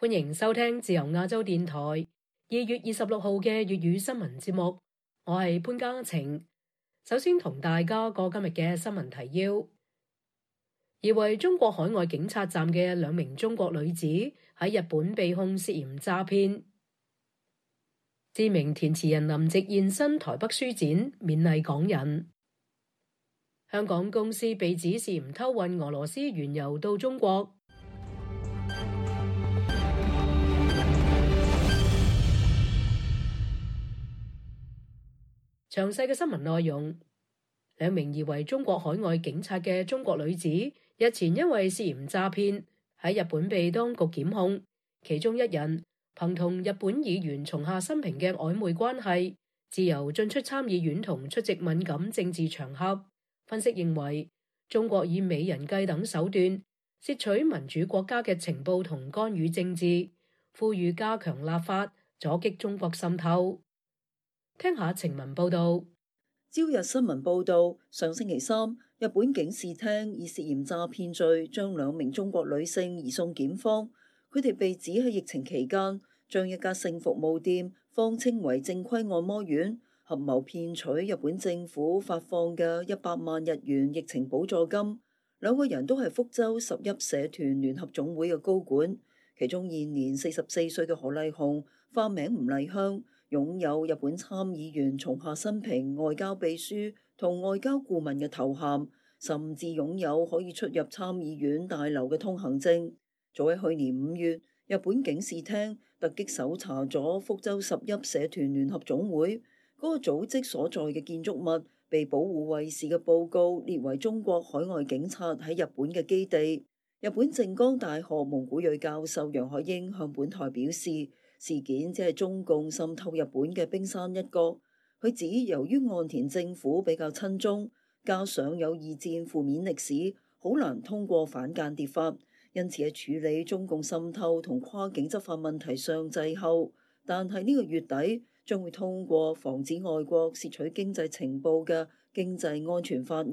歡迎收聽自由亞洲電台二月二十六號嘅粵語新聞節目，我係潘家晴。首先同大家過今日嘅新聞提要：疑為中國海外警察站嘅兩名中國女子喺日本被控涉嫌詐騙；知名填詞人林夕現身台北書展勉勵港人；香港公司被指涉嫌偷運俄羅斯原油到中國。詳細嘅新聞內容：兩名疑為中國海外警察嘅中國女子，日前因為涉嫌詐騙喺日本被當局檢控，其中一人憑同日本議員松下新平嘅曖昧關係，自由進出參議院同出席敏感政治場合。分析認為，中國以美人計等手段竊取民主國家嘅情報同干預政治，呼籲加強立法阻擊中國滲透。聽下情文報道，朝日新聞報道，上星期三，日本警視廳以涉嫌詐騙罪將兩名中國女性移送檢方，佢哋被指喺疫情期間將一家性服務店謊稱為正規按摩院，合謀騙取日本政府發放嘅一百萬日元疫情補助金。兩個人都係福州十一社團聯合總會嘅高管，其中現年四十四歲嘅何麗紅，化名吳麗香。擁有日本參議員松下新平外交秘書同外交顧問嘅頭銜，甚至擁有可以出入參議院大樓嘅通行證。早喺去年五月，日本警視廳突擊搜查咗福州十邑社團聯合總會嗰個組織所在嘅建築物，被保護衞士嘅報告列為中國海外警察喺日本嘅基地。日本靜岡大學蒙古裔教授楊海英向本台表示。事件即係中共滲透日本嘅冰山一角。佢指，由於岸田政府比較親中，加上有二戰負面歷史，好難通過反間諜法，因此喺處理中共滲透同跨境執法問題上滯後，但係呢個月底將會通過防止外國竊取經濟情報嘅經濟安全法案。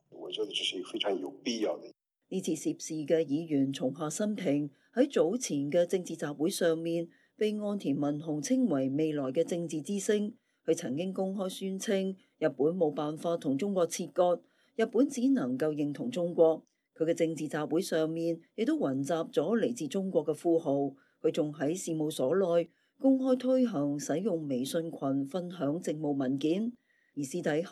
呢次涉事嘅議員松下新平喺早前嘅政治集會上面，被岸田文雄稱為未來嘅政治之星。佢曾經公開宣稱日本冇辦法同中國切割，日本只能夠認同中國。佢嘅政治集會上面亦都雲集咗嚟自中國嘅富豪。佢仲喺事務所內公開推行使用微信群分享政務文件，而私底下。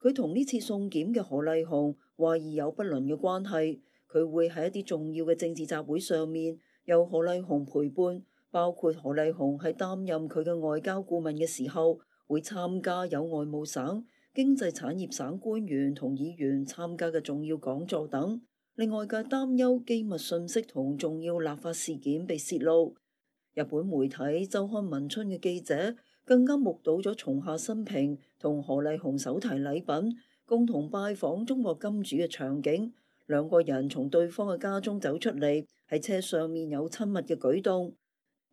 佢同呢次送檢嘅何麗紅懷疑有不倫嘅關係，佢會喺一啲重要嘅政治集會上面有何麗紅陪伴，包括何麗紅喺擔任佢嘅外交顧問嘅時候，會參加有外務省、經濟產業省官員同議員參加嘅重要講座等，令外界擔憂機密信息同重要立法事件被泄露。日本媒體週刊文春嘅記者，更加目睹咗松下新平同何麗紅手提禮品，共同拜訪中國金主嘅場景。兩個人從對方嘅家中走出嚟，喺車上面有親密嘅舉動，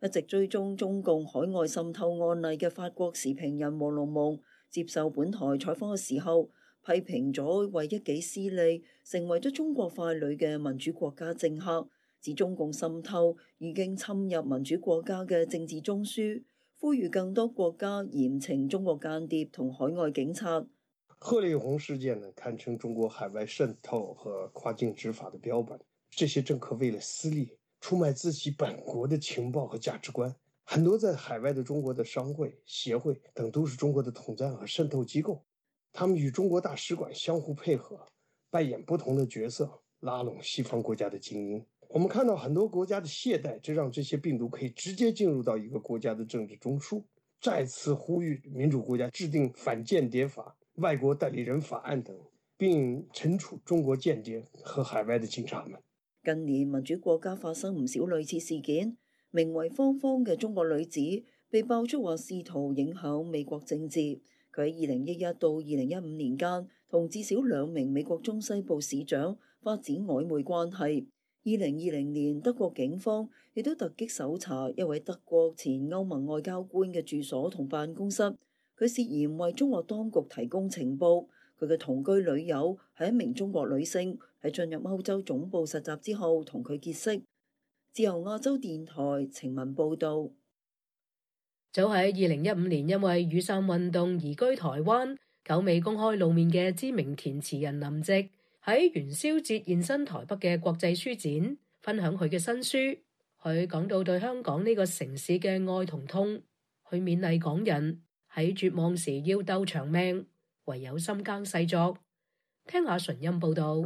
一直追蹤中共海外滲透案例嘅法國時評人王龍夢接受本台採訪嘅時候，批評咗為一己私利成為咗中國傀儡嘅民主國家政客，指中共滲透已經侵入民主國家嘅政治中樞。呼籲更多國家嚴懲中國間諜同海外警察。賀立紅事件呢，堪稱中國海外滲透和跨境執法的標本。這些政客為了私利，出賣自己本國的情報和價值觀。很多在海外的中國的商會協會等，都是中國的統戰和滲透機構。他們與中國大使館相互配合，扮演不同的角色，拉攏西方國家的精英。我們看到很多國家的懈怠，這讓這些病毒可以直接進入到一個國家的政治中樞。再次呼籲民主國家制定反間諜法、外國代理人法案等，並懲處中國間諜和海外的警察們。近年民主國家發生唔少類似事件，名為芳芳嘅中國女子被爆出話試圖影響美國政治。佢喺二零一一到二零一五年間同至少兩名美國中西部市長發展曖昧關係。二零二零年，德國警方亦都突擊搜查一位德國前歐盟外交官嘅住所同辦公室，佢涉嫌為中國當局提供情報。佢嘅同居女友係一名中國女性，喺進入歐洲總部實習之後同佢結識。自由亞洲電台情文報道。早喺二零一五年，因為雨傘運動移居台灣，久未公開露面嘅知名填詞人林夕。喺元宵節現身台北嘅國際書展，分享佢嘅新書。佢講到對香港呢個城市嘅愛同痛，佢勉勵港人喺絕望時要鬥長命，唯有心耕細作。聽下純音報道。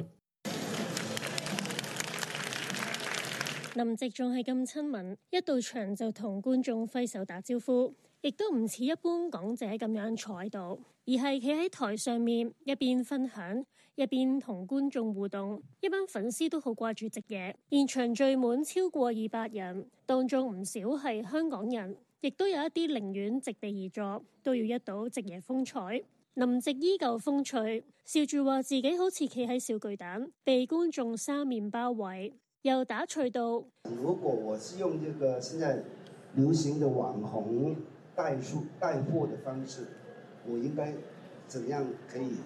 林夕仲係咁親民，一到場就同觀眾揮手打招呼。亦都唔似一般講者咁樣坐喺度，而係企喺台上面，一邊分享，一邊同觀眾互動。一班粉絲都好掛住夕爺，現場聚滿超過二百人，當中唔少係香港人，亦都有一啲寧願席地而坐，都要一睹夕爺風采。林夕依舊風趣，笑住話自己好似企喺小巨蛋，被觀眾三面包圍，又打趣道：如果我是用這個現在流行的網紅。帶書帶貨的方式，我應該怎樣可以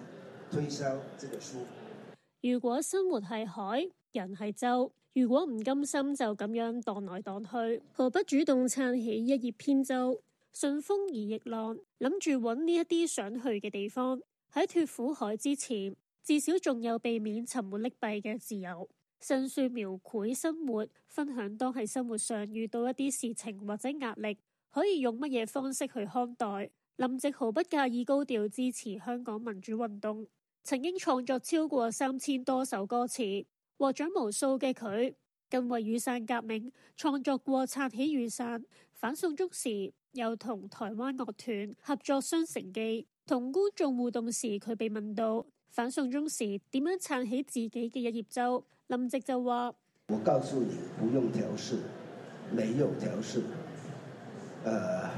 推銷這個書？如果生活係海，人係舟，如果唔甘心就咁樣盪來盪去，何不主動撐起一葉扁舟，順風而逆浪，諗住揾呢一啲想去嘅地方？喺脫苦海之前，至少仲有避免沉沒溺斃嘅自由。新書描繪生活，分享當喺生活上遇到一啲事情或者壓力。可以用乜嘢方式去看待？林夕毫不介意高調支持香港民主運動，曾經創作超過三千多首歌詞，獲獎無數嘅佢，更為雨傘革命創作過《撐起雨傘》，反送中時又同台灣樂團合作《雙城記》，同觀眾互動時，佢被問到反送中時點樣撐起自己嘅一葉舟，林夕就話：我告訴你，不用調試，沒有調試。呃，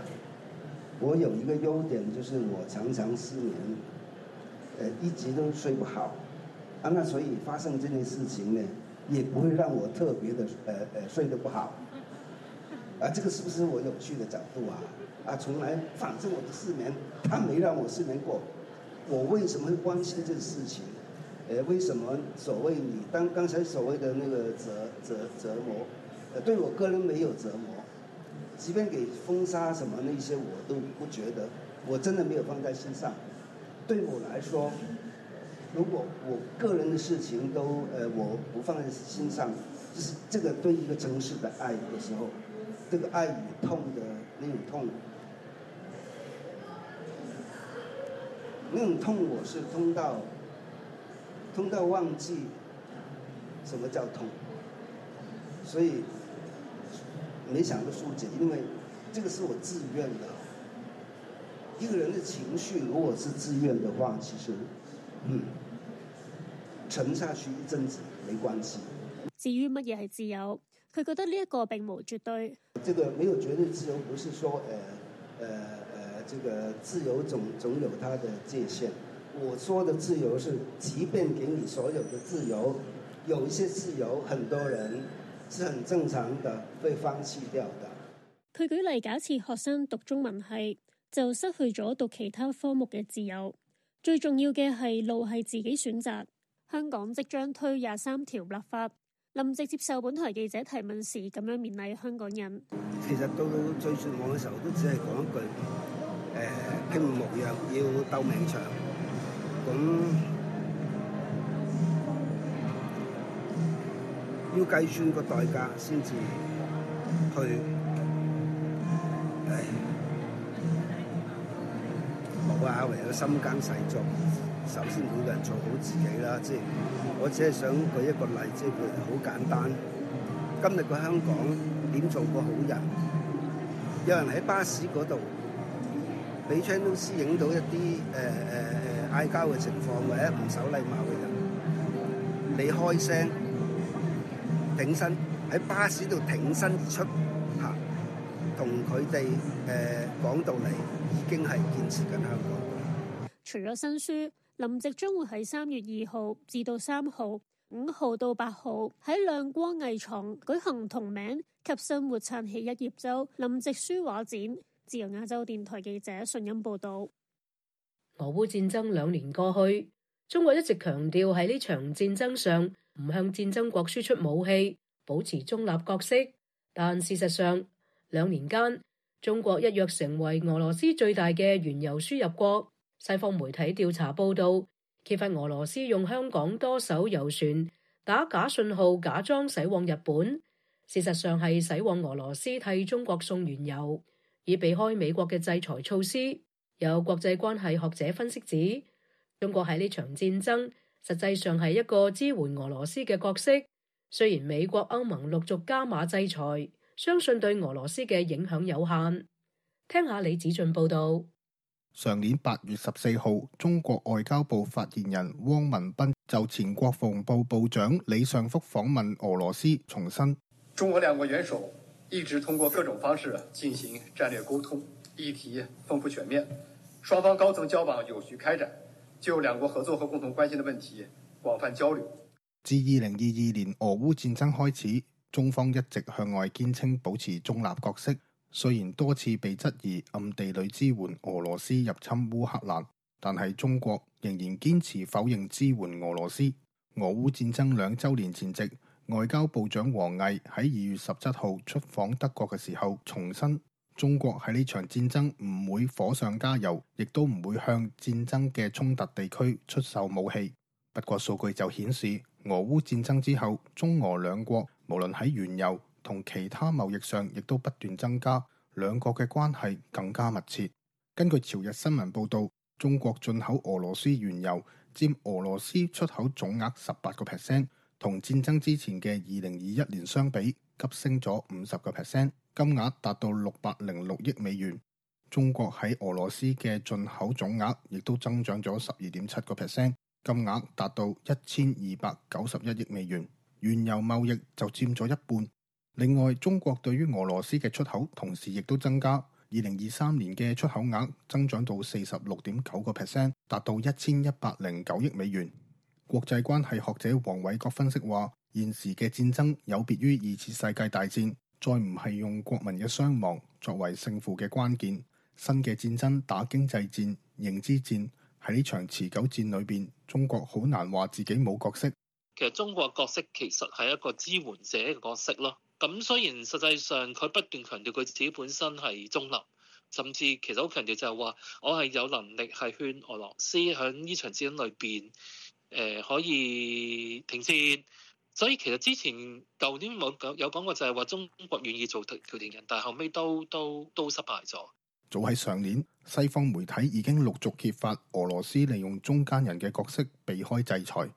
我有一個優點，就是我常常失眠，呃，一直都睡不好。啊，那所以發生這件事情呢，也不會讓我特別的，呃，呃，睡得不好。啊，這個是不是我有趣的角度啊？啊，從來，反正我的失眠，他沒讓我失眠過。我為什麼會關心這個事情？呃，為什麼所謂你當剛才所謂的那個折折折磨，呃，對我個人沒有折磨。即便給封殺什麼那些，我都不覺得，我真的沒有放在心上。對我來說，如果我個人的事情都，呃，我不放在心上，就是這個對一個城市的愛的時候，這個愛與痛的那種痛，那種痛我是痛到，痛到忘記什麼叫痛，所以。沒想過紓解，因為這個是我自願的。一個人的情緒，如果是自願的話，其實嗯，沉下去一陣子沒關係。至於乜嘢係自由？佢覺得呢一個並無絕對，這個沒有絕對自由，不是說誒誒誒，這個自由總總有它的界限。我說的自由是，即便給你所有的自由，有一些自由，很多人。是很正常的，被放棄掉的。佢舉例假設學生讀中文系，就失去咗讀其他科目嘅自由。最重要嘅係路係自己選擇。香港即將推廿三條立法，林夕接受本台記者提問時咁樣勉勵香港人。其實到到最絕望嘅時候，都只係講一句，誒、呃，機會無要鬥命長咁。要計算個代價先至去誒冇啊！唯有心間細作，首先每個人做好自己啦。即係我只係想舉一個例，即係會好簡單。今日個香港點做個好人？有人喺巴士嗰度俾傳真師影到一啲誒誒誒嗌交嘅情況，或者唔守禮貌嘅人，你開聲。挺身喺巴士度挺身而出，吓，同佢哋誒講到嚟已經係堅持緊香港噶啦。除咗新書，林夕將會喺三月二號至到三號五號到八號喺亮光藝廠舉行同名及《生活撐起一葉舟》林夕書畫展。自由亞洲電台記者信欣報道。俄烏戰爭兩年過去。中國一直強調喺呢場戰爭上唔向戰爭國輸出武器，保持中立角色。但事實上，兩年間中國一躍成為俄羅斯最大嘅原油輸入國。西方媒體調查報道揭發俄羅斯用香港多艘油船打假信號，假裝駛往日本，事實上係駛往俄羅斯替中國送原油，以避開美國嘅制裁措施。有國際關係學者分析指，中國喺呢場戰爭實際上係一個支援俄羅斯嘅角色，雖然美國歐盟陸續加碼制裁，相信對俄羅斯嘅影響有限。聽下李子俊報道。上年八月十四號，中國外交部發言人汪文斌就前國防部部長李尚福訪問俄羅斯重申：中俄兩國元首一直通過各種方式進行戰略溝通，議題豐富全面，雙方高層交往有序開展。就兩國合作和共同關心的問題廣泛交流。自二零二二年俄烏戰爭開始，中方一直向外堅稱保持中立角色。雖然多次被質疑暗地裏支援俄羅斯入侵烏克蘭，但係中國仍然堅持否認支援俄羅斯。俄烏戰爭兩周年前夕，外交部長王毅喺二月十七號出訪德國嘅時候，重新。中國喺呢場戰爭唔會火上加油，亦都唔會向戰爭嘅衝突地區出售武器。不過數據就顯示，俄烏戰爭之後，中俄兩國無論喺原油同其他貿易上，亦都不斷增加，兩國嘅關係更加密切。根據朝日新聞報導，中國進口俄羅斯原油佔俄羅斯出口總額十八個 percent，同戰爭之前嘅二零二一年相比。急升咗五十個 percent，金額達到六百零六億美元。中國喺俄羅斯嘅進口總額亦都增長咗十二點七個 percent，金額達到一千二百九十一億美元。原油貿易就佔咗一半。另外，中國對於俄羅斯嘅出口同時亦都增加，二零二三年嘅出口額增長到四十六點九個 percent，達到一千一百零九億美元。國際關係學者黃偉國分析話。現時嘅戰爭有別於二次世界大戰，再唔係用國民嘅傷亡作為勝負嘅關鍵。新嘅戰爭打經濟戰、認知戰，喺呢場持久戰裏邊，中國好難話自己冇角色。其實中國角色其實係一個支援者嘅角色咯。咁雖然實際上佢不斷強調佢自己本身係中立，甚至其實好強調就係話我係有能力係勸俄羅斯喺呢場戰爭裏邊誒、呃、可以停戰。所以其實之前舊年有講過就係話中國願意做橋樑人，但後尾都都都失敗咗。早喺上年，西方媒體已經陸續揭發俄羅斯利用中間人嘅角色避開制裁。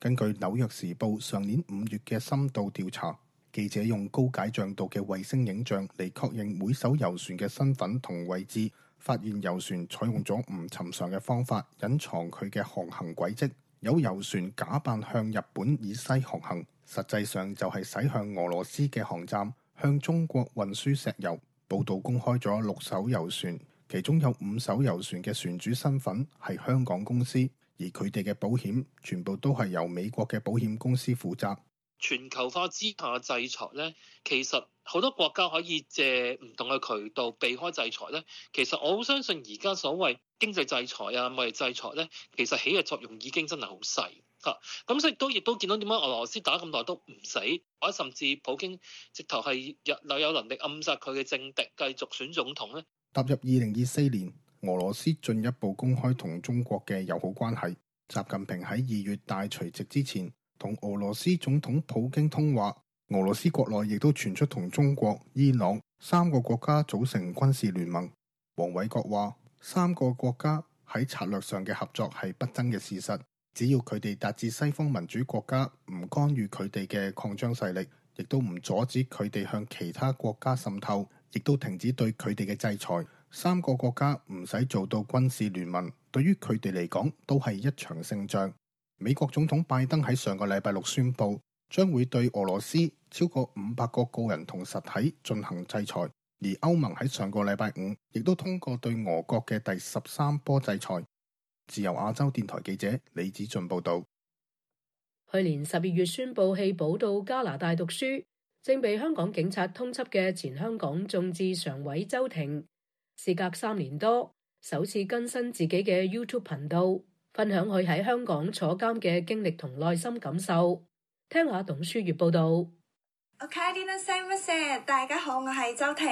根據紐約時報上年五月嘅深度調查，記者用高解像度嘅衛星影像嚟確認每艘油船嘅身份同位置，發現油船採用咗唔尋常嘅方法隱藏佢嘅航行軌跡。有油船假扮向日本以西航行，實際上就係駛向俄羅斯嘅航站，向中國運輸石油。報道公開咗六艘油船，其中有五艘油船嘅船主身份係香港公司，而佢哋嘅保險全部都係由美國嘅保險公司負責。全球化之下制裁咧，其實好多國家可以借唔同嘅渠道避開制裁咧。其實我好相信而家所謂。經濟制裁啊，貿易制裁咧，其實起嘅作用已經真係好細嚇。咁、啊、所以都亦都見到點解俄羅斯打咁耐都唔死？或者甚至普京直頭係有有能力暗殺佢嘅政敵繼續選總統呢。踏入二零二四年，俄羅斯進一步公開同中國嘅友好關係。習近平喺二月大除夕之前同俄羅斯總統普京通話。俄羅斯國內亦都傳出同中國、伊朗三個國家組成軍事聯盟。黃偉國話。三個國家喺策略上嘅合作係不爭嘅事實，只要佢哋達至西方民主國家唔干預佢哋嘅擴張勢力，亦都唔阻止佢哋向其他國家滲透，亦都停止對佢哋嘅制裁，三個國家唔使做到軍事聯盟，對於佢哋嚟講都係一場勝仗。美國總統拜登喺上個禮拜六宣布，將會對俄羅斯超過五百個個人同實體進行制裁。而歐盟喺上個禮拜五亦都通過對俄國嘅第十三波制裁。自由亞洲電台記者李子俊報道，去年十二月宣布棄保到加拿大讀書，正被香港警察通緝嘅前香港眾志常委周庭，事隔三年多，首次更新自己嘅 YouTube 頻道，分享佢喺香港坐監嘅經歷同內心感受。聽下董書月報道。大家好，我係周庭。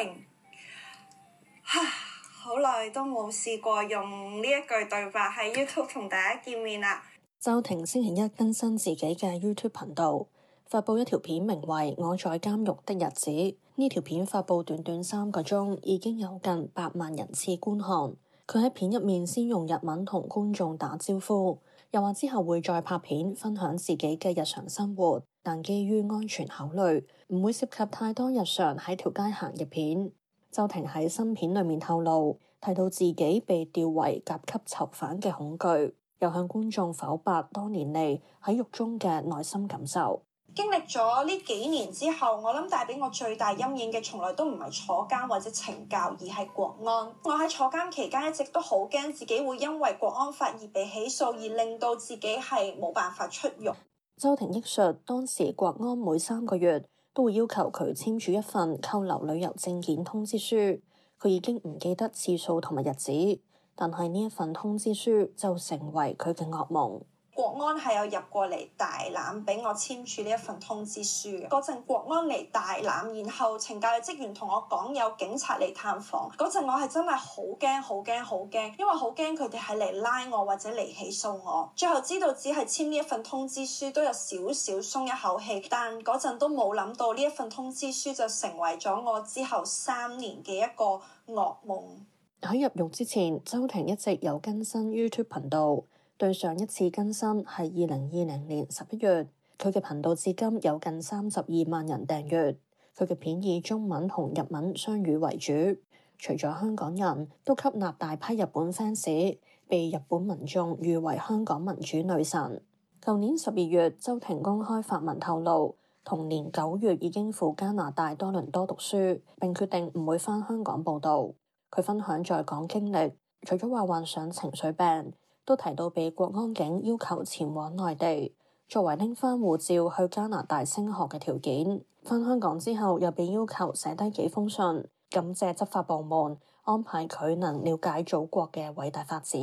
好耐都冇試過用呢一句對白喺 YouTube 同大家見面啦。周庭星期一更新自己嘅 YouTube 頻道，發布一條片，名為《我在監獄的日子》。呢條片發布短短三個鐘，已經有近百萬人次觀看。佢喺片入面先用日文同觀眾打招呼，又話之後會再拍片分享自己嘅日常生活，但基於安全考慮，唔會涉及太多日常喺條街行嘅片。周庭喺新片裏面透露，提到自己被調為甲級囚犯嘅恐懼，又向觀眾剖白多年嚟喺獄中嘅內心感受。經歷咗呢幾年之後，我諗帶俾我最大陰影嘅，從來都唔係坐監或者懲教，而係國安。我喺坐監期間一直都好驚自己會因為國安法而被起訴，而令到自己係冇辦法出獄。周庭憶述，當時國安每三個月。都會要求佢簽署一份扣留旅遊證件通知書。佢已經唔記得次數同埋日子，但係呢一份通知書就成為佢嘅噩夢。國安係有入過嚟，大欖，俾我簽署呢一份通知書嘅。嗰陣國安嚟大欖，然後懲教嘅職員同我講有警察嚟探訪。嗰陣我係真係好驚、好驚、好驚，因為好驚佢哋係嚟拉我或者嚟起訴我。最後知道只係簽呢一份通知書，都有少少鬆一口氣。但嗰陣都冇諗到呢一份通知書就成為咗我之後三年嘅一個噩夢。喺入獄之前，周庭一直有更新 YouTube 頻道。對上一次更新係二零二零年十一月，佢嘅頻道至今有近三十二萬人訂閱。佢嘅片以中文同日文雙語為主，除咗香港人，都吸納大批日本 fans，被日本民眾譽為香港民主女神。舊年十二月，周庭公開發文透露，同年九月已經赴加拿大多倫多讀書，並決定唔會返香港報道。佢分享在港經歷，除咗話患上情緒病。都提到被國安警要求前往內地，作為拎翻護照去加拿大升學嘅條件。返香港之後又被要求寫低幾封信，感謝執法部門安排佢能了解祖國嘅偉大發展。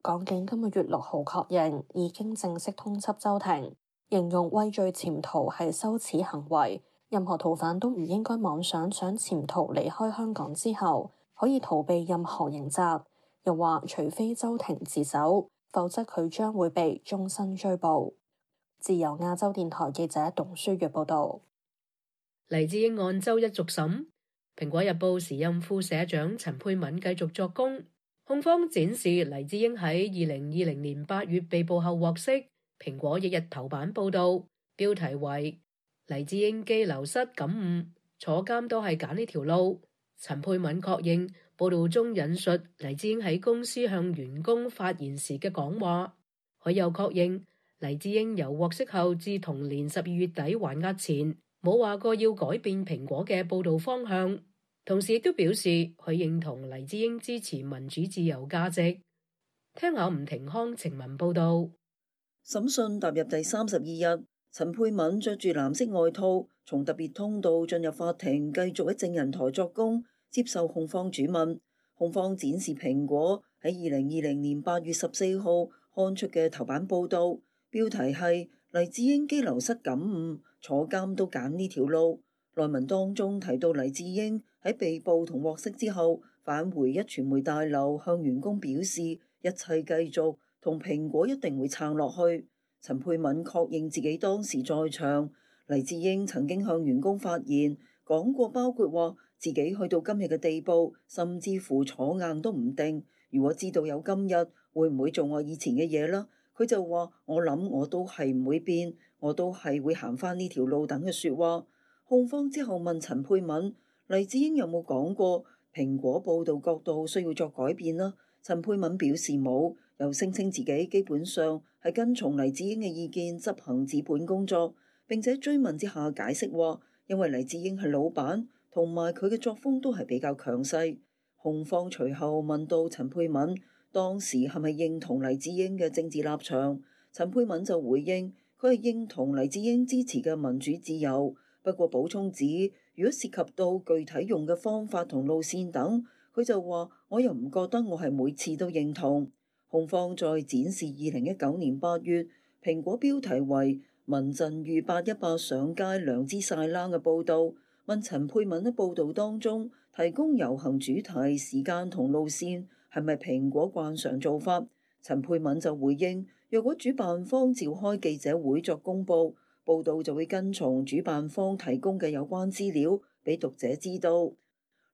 港警今個月六號確認已經正式通緝周庭，形容畏罪潛逃係羞恥行為。任何逃犯都唔應該妄想想潛逃離開香港之後可以逃避任何刑責。又話，除非周庭自首，否則佢將會被終身追捕。自由亞洲電台記者董書月報道，黎智英案周一續審。蘋果日報時任副社長陳沛敏繼續作供，控方展示黎智英喺二零二零年八月被捕後獲釋。蘋果日日頭版報道，標題為《黎智英機流失感悟：坐監都係揀呢條路》。陳佩敏確認報道中引述黎智英喺公司向員工發言時嘅講話。佢又確認黎智英由獲釋後至同年十二月底還押前，冇話過要改變蘋果嘅報道方向。同時亦都表示佢認同黎智英支持民主自由價值。聽下吳庭康情文報道，審訊踏入第三十二日。陳佩敏着住藍色外套，從特別通道進入法庭，繼續喺證人台作供，接受控方主問。控方展示蘋果喺二零二零年八月十四號刊出嘅頭版報道，標題係黎智英基流失感悟，坐監都揀呢條路。內文當中提到黎智英喺被捕同獲釋之後，返回壹傳媒大樓，向員工表示一切繼續，同蘋果一定會撐落去。陳佩敏確認自己當時在場，黎智英曾經向員工發言，講過包括話自己去到今日嘅地步，甚至乎坐硬都唔定。如果知道有今日，會唔會做我以前嘅嘢啦？佢就話：我諗我都係唔會變，我都係會行返呢條路等嘅説話。控方之後問陳佩敏，黎智英有冇講過蘋果報道角度需要作改變啦？陳佩敏表示冇。又聲稱自己基本上係跟從黎智英嘅意見執行紙本工作，並且追問之下解釋話，因為黎智英係老闆，同埋佢嘅作風都係比較強勢。控方隨後問到陳佩敏當時係咪認同黎智英嘅政治立場，陳佩敏就回應佢係認同黎智英支持嘅民主自由，不過補充指如果涉及到具體用嘅方法同路線等，佢就話我又唔覺得我係每次都認同。控方再展示二零一九年八月蘋果標題為《民陣遇八一八上街良知晒冷》嘅報道，問陳佩敏喺報道當中提供遊行主題時間同路線係咪蘋果慣常做法？陳佩敏就回應，若果主辦方召開記者會作公布報道就會跟從主辦方提供嘅有關資料俾讀者知道。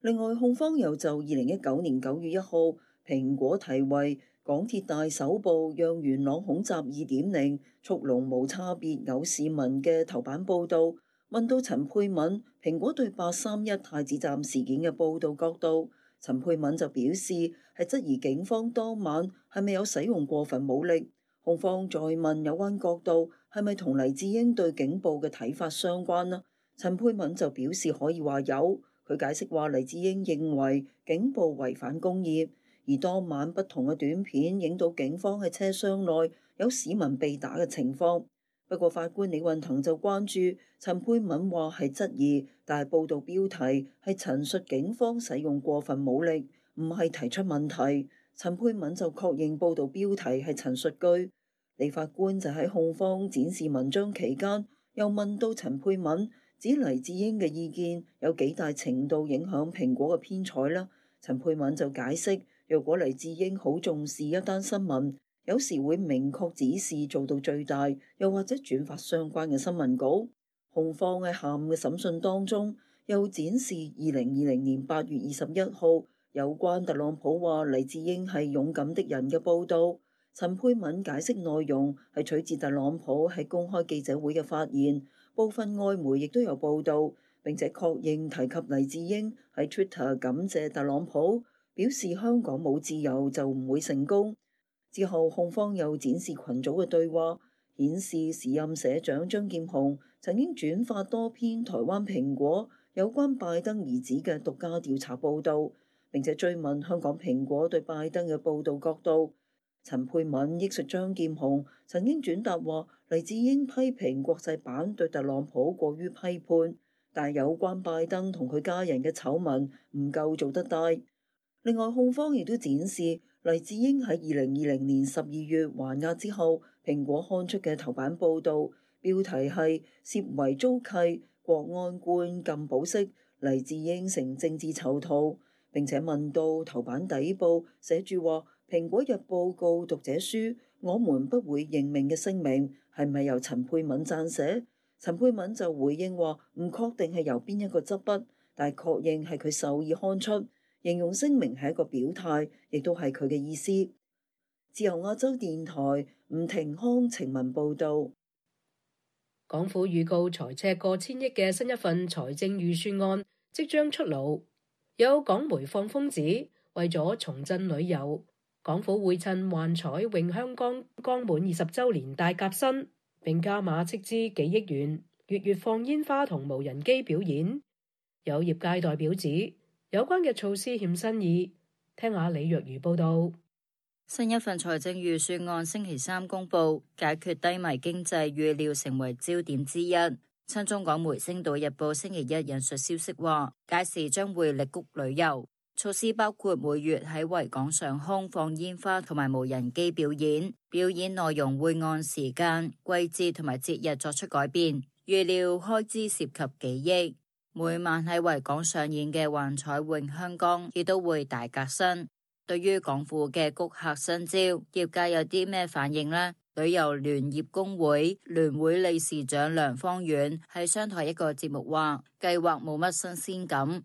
另外，控方又就二零一九年九月一號蘋果題為，港鐵大手部讓元朗恐襲二點零速龍無差別，有市民嘅頭版報導，問到陳佩敏蘋果對八三一太子站事件嘅報導角度，陳佩敏就表示係質疑警方當晚係咪有使用過分武力。控方再問有關角度係咪同黎智英對警暴嘅睇法相關呢？陳佩敏就表示可以話有。佢解釋話黎智英認為警暴違反公義。而當晚不同嘅短片影到警方喺車廂內有市民被打嘅情況。不過法官李運騰就關注陳佩敏話係質疑，但係報道標題係陳述警方使用過分武力，唔係提出問題。陳佩敏就確認報道標題係陳述句。李法官就喺控方展示文章期間，又問到陳佩敏，指黎智英嘅意見有幾大程度影響蘋果嘅編採啦？陳佩敏就解釋。若果黎智英好重視一單新聞，有時會明確指示做到最大，又或者轉發相關嘅新聞稿。控方喺下午嘅審訊當中，又展示二零二零年八月二十一號有關特朗普話黎智英係勇敢的人嘅報導。陳佩敏解釋內容係取自特朗普喺公開記者會嘅發言，部分外媒亦都有報導，並且確認提及黎智英喺 Twitter 感謝特朗普。表示香港冇自由就唔會成功。之後控方又展示群組嘅對話，顯示時任社長張劍雄曾經轉發多篇台灣蘋果有關拜登兒子嘅獨家調查報道，並且追問香港蘋果對拜登嘅報道角度。陳佩敏憶述張劍雄曾經轉達話黎智英批評國際版對特朗普過於批判，但有關拜登同佢家人嘅醜聞唔夠做得大。另外，控方亦都展示黎智英喺二零二零年十二月還押之後，蘋果刊出嘅頭版報道，標題係涉違租契，國安官禁保釋黎智英成政治囚徒。並且問到頭版底部寫住話蘋果日報告讀者書，我們不會認命嘅聲明係咪由陳佩敏撰寫，陳佩敏就回應話唔確定係由邊一個執筆，但係確認係佢授意刊出。形容聲明係一個表態，亦都係佢嘅意思。自由亞洲電台吳庭康情文報道。港府預告財赤過千億嘅新一份財政預算案即將出爐。有港媒放風指，為咗重振旅遊，港府會趁幻彩詠香江將滿二十週年大革新，並加碼斥資幾億元，月月放煙花同無人機表演。有業界代表指，有關嘅措施欠新意，聽下李若如報道。新一份財政預算案星期三公布，解決低迷經濟預料成為焦點之一。親中港媒《星島日報》星期一引述消息話，屆時將會力谷旅遊，措施包括每月喺維港上空放煙花同埋無人機表演，表演內容會按時間、季節同埋節日作出改變，預料開支涉及幾億。每晚喺維港上演嘅幻彩詠香江亦都會大革新。對於港府嘅谷客新招，業界有啲咩反應呢？旅遊聯業工會聯會理事長梁芳遠喺商台一個節目話，計劃冇乜新鮮感。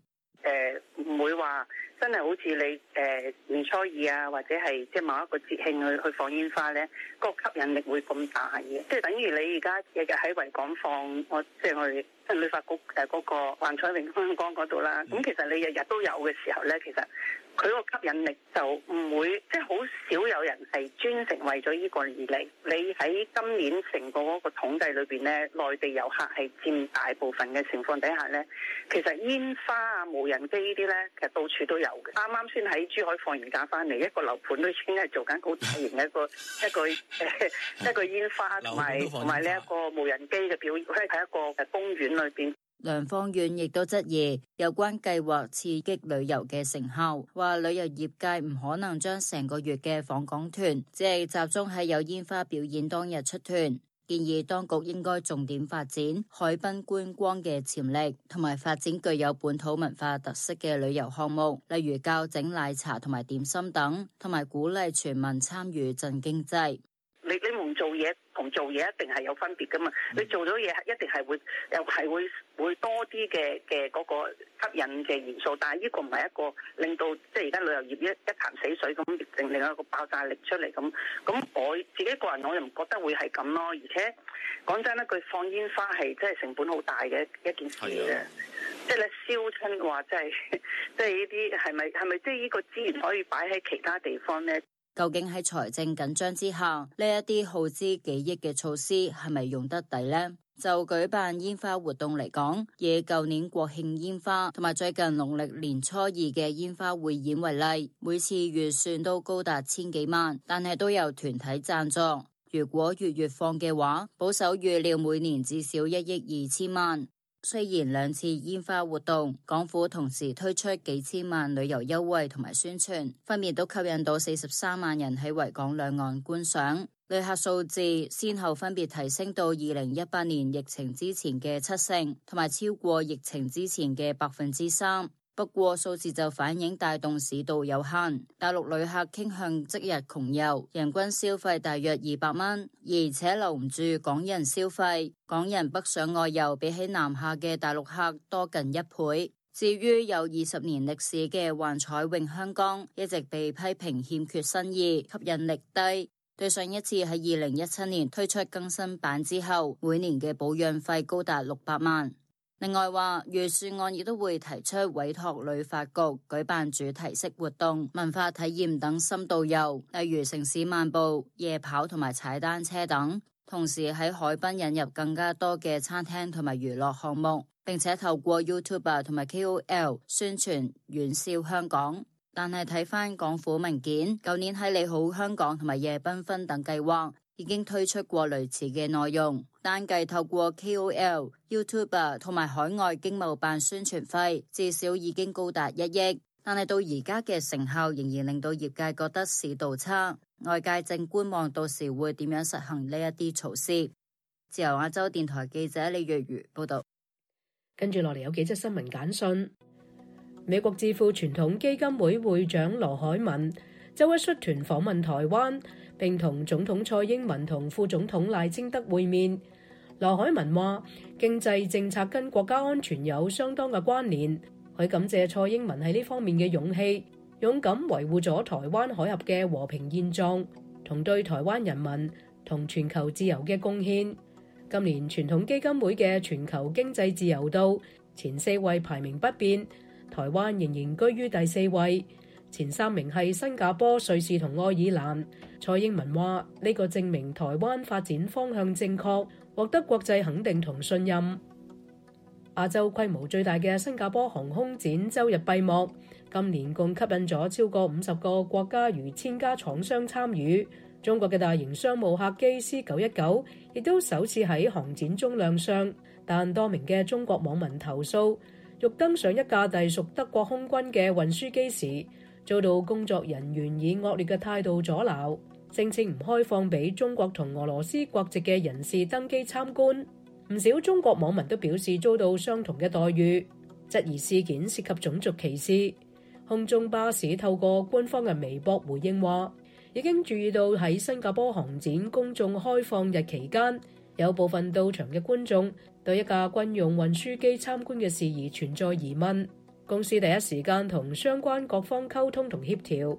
唔會話真係好似你誒年初二啊，或者係即係某一個節慶去去放煙花呢，個吸引力會咁大嘅。即係等於你而家日日喺維港放，我即係我嘅旅發局誒嗰個幻彩詠香江嗰度啦。咁其實你日日都有嘅時候呢，其實。佢個吸引力就唔會，即係好少有人係專程為咗依個而嚟。你喺今年成個嗰個統計裏邊咧，內地遊客係佔大部分嘅情況底下咧，其實煙花啊、無人機呢啲咧，其實到處都有嘅。啱啱先喺珠海放完假翻嚟，一個樓盤都已經係做緊好大型嘅一個 一個一個，一個煙花同埋同埋呢一個無人機嘅表演，喺 一個公園裏邊。梁芳遠亦都質疑有關計劃刺激旅遊嘅成效，話旅遊業界唔可能將成個月嘅訪港團只係集中喺有煙花表演當日出團，建議當局應該重點發展海濱觀光嘅潛力，同埋發展具有本土文化特色嘅旅遊項目，例如教整奶茶同埋點心等，同埋鼓勵全民參與振經濟。做嘢同做嘢一定係有分別㗎嘛？你做到嘢一定係會又係會會多啲嘅嘅嗰個吸引嘅元素，但係呢個唔係一個令到即係而家旅遊業一一潭死水咁，另另外一個爆炸力出嚟咁。咁我自己個人我又唔覺得會係咁咯。而且講真咧，佢放煙花係真係成本好大嘅一件事嘅，即係咧燒春嘅話真係即係呢啲係咪係咪即係呢個資源可以擺喺其他地方咧？究竟喺財政緊張之下，呢一啲耗資幾億嘅措施係咪用得抵呢？就舉辦煙花活動嚟講，以舊年國慶煙花同埋最近農曆年初二嘅煙花匯演為例，每次預算都高達千幾萬，但係都由團體讚助。如果月月放嘅話，保守預料每年至少一億二千萬。雖然兩次煙花活動，港府同時推出幾千萬旅遊優惠同埋宣傳，分別都吸引到四十三萬人喺維港兩岸觀賞。旅客數字先後分別提升到二零一八年疫情之前嘅七成，同埋超過疫情之前嘅百分之三。不過數字就反映帶動市道有限，大陸旅客傾向即日窮遊，人均消費大約二百蚊，而且留唔住港人消費。港人北上外遊，比起南下嘅大陸客多近一倍。至於有二十年歷史嘅幻彩詠香江，一直被批評欠缺新意，吸引力低。對上一次喺二零一七年推出更新版之後，每年嘅保養費高達六百萬。另外話，預算案亦都會提出委託旅發局舉辦主題式活動、文化體驗等深度遊，例如城市漫步、夜跑同埋踩單車等。同時喺海濱引入更加多嘅餐廳同埋娛樂項目，並且透過 YouTuber 同埋 KOL 宣傳遠銷香港。但係睇返港府文件，舊年喺你好香港同埋夜繽紛等計劃。已經推出過類似嘅內容，單計透過 KOL、YouTuber 同埋海外經貿辦宣傳費，至少已經高達一億。但係到而家嘅成效仍然令到業界覺得市道差，外界正觀望到時會點樣實行呢一啲措施。自由亞洲電台記者李若如報道。跟住落嚟有幾則新聞簡訊：美國智庫傳統基金會會長羅海敏周一率團訪問台灣。並同總統蔡英文同副總統賴清德會面。羅海文話：經濟政策跟國家安全有相當嘅關聯，佢感謝蔡英文喺呢方面嘅勇氣，勇敢維護咗台灣海峽嘅和平現狀同對台灣人民同全球自由嘅貢獻。今年傳統基金會嘅全球經濟自由度前四位排名不變，台灣仍然居於第四位。前三名係新加坡、瑞士同愛爾蘭。蔡英文話：呢個證明台灣發展方向正確，獲得國際肯定同信任。亞洲規模最大嘅新加坡航空展周日閉幕，今年共吸引咗超過五十個國家，逾千家廠商參與。中國嘅大型商務客機 C919 亦都首次喺航展中亮相，但多名嘅中國網民投訴，欲登上一架隸屬德國空軍嘅運輸機時。遭到工作人員以惡劣嘅態度阻撓，聲稱唔開放俾中國同俄羅斯國籍嘅人士登機參觀。唔少中國網民都表示遭到相同嘅待遇，質疑事件涉及種族歧視。空中巴士透過官方嘅微博回應話，已經注意到喺新加坡航展公眾開放日期間，有部分到場嘅觀眾對一架軍用運輸機參觀嘅事宜存在疑問。公司第一時間同相關各方溝通同協調，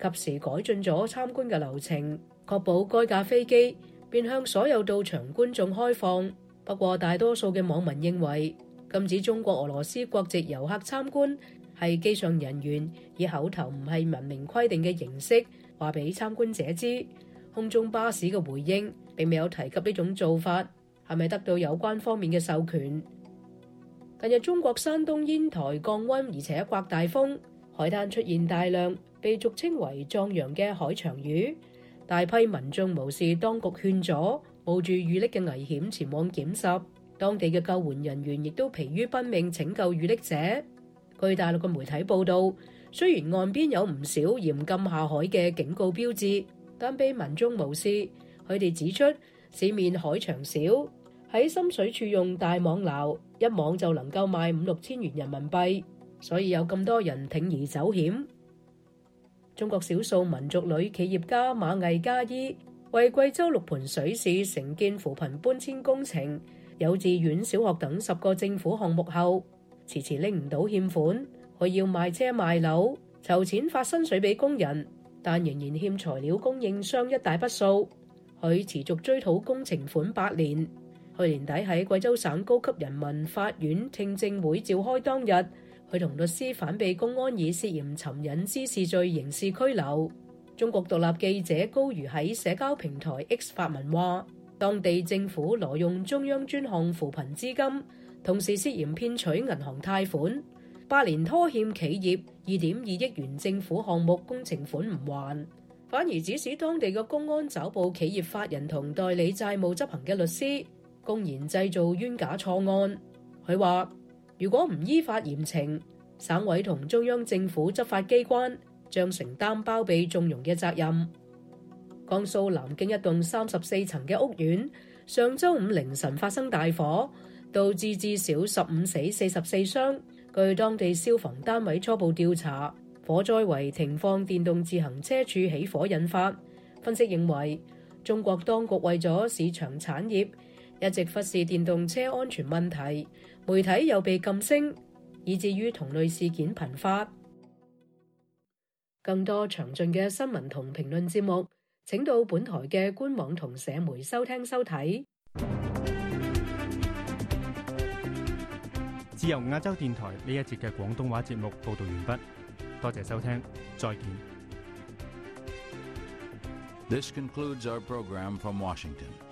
及時改進咗參觀嘅流程，確保該架飛機便向所有到場觀眾開放。不過大多數嘅網民認為禁止中國俄羅斯國籍遊客參觀，係機上人員以口頭唔係文明規定嘅形式話俾參觀者知。空中巴士嘅回應，並未有提及呢種做法係咪得到有關方面嘅授權。近日，中國山東煙台降溫，而且颳大風，海灘出現大量被俗稱為壯陽嘅海腸魚，大批民眾無視當局勸阻，冒住遇溺嘅危險前往檢拾。當地嘅救援人員亦都疲於奔命拯，命拯救遇溺者。據大陸嘅媒體報道，雖然岸邊有唔少嚴禁下海嘅警告標誌，但被民眾無視，佢哋指出，市面海腸少，喺深水處用大網撈，一網就能夠賣五六千元人民幣，所以有咁多人鋌而走險。中國少數民族女企業家馬毅嘉依為貴州六盤水市承建扶貧搬遷工程、幼稚園、小學等十個政府項目後，遲遲拎唔到欠款，佢要賣車賣樓籌錢發薪水俾工人，但仍然欠材料供應商一大筆數。佢持續追討工程款八年。去年底喺貴州省高級人民法院聽證會召開當日，佢同律師反被公安以涉嫌尋釁滋事罪刑事拘留。中國獨立記者高瑜喺社交平台 X 發文話，當地政府挪用中央專項扶貧資金，同時涉嫌騙取銀行貸款，八年拖欠企業二點二億元政府項目工程款唔還，反而指使當地嘅公安抓捕企業法人同代理債務執行嘅律師。公然製造冤假錯案，佢話如果唔依法嚴懲，省委同中央政府執法機關將承擔包庇縱容嘅責任。江蘇南京一棟三十四層嘅屋苑，上周五凌晨發生大火，導致至，至少十五死四十四傷。據當地消防單位初步調查，火災為停放電動自行車處起火引發。分析認為，中國當局為咗市場產業。一直忽視電動車安全問題，媒體又被禁聲，以至於同類事件頻發。更多詳盡嘅新聞同評論節目，請到本台嘅官網同社媒收聽收睇。自由亞洲電台呢一節嘅廣東話節目報道完畢，多謝收聽，再見。This concludes our program from Washington.